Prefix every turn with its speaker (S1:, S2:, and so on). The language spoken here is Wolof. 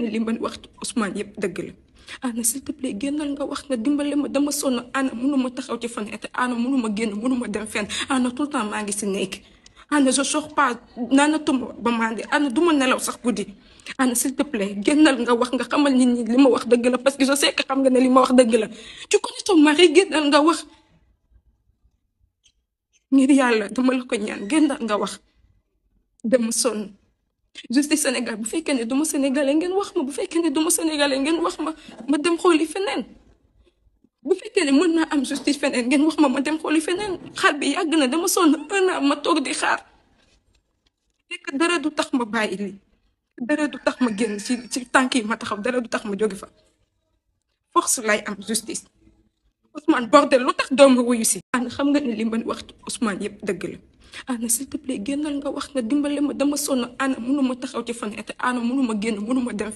S1: ne li man wax ci Ousmane yëpp dëgg la ana s'il te plaît génnal nga wax nga dimbale ma dama sonn ana ma taxaw ci fenêtre ana mënuma génn mënuma dem fenn ana tout le temps maa ngi si nekk ana je sors pas naanatuma ba mandi ana du ma nelaw sax guddi ana s'il te plaît génnal nga wax nga xamal nit ñi li ma wax dëgg la parce que je sais que xam nga na li ma wax dëgg la tu connais ton génnal nga wax ngir yàlla dama la ko ñaan génnal nga wax dama sonn justice Sénégal bu fekkee ne du ma ngeen wax ma bu fekkee ne du ma ngeen wax ma ma dem xooli feneen bu fekkee ne mën naa am justice feneen ngeen wax ma ma dem xooli feneen xaar bi yàgg na dama sonn un an ma toog di xaar fekk dara du tax ma bàyyi lii dara du tax ma génn ci ci tànk yi ma taxaw dara du tax ma jóge fa force lay am justice. Ousmane bordel lu tax doom wuyu si. ana xam nga ne li man wax Ousmane yëpp dëgg la ana s'il te plaît génnal nga wax nga dimbale ma dama sonn ana mënuma taxaw ci fenêtre ana mënuma génn mënuma dem.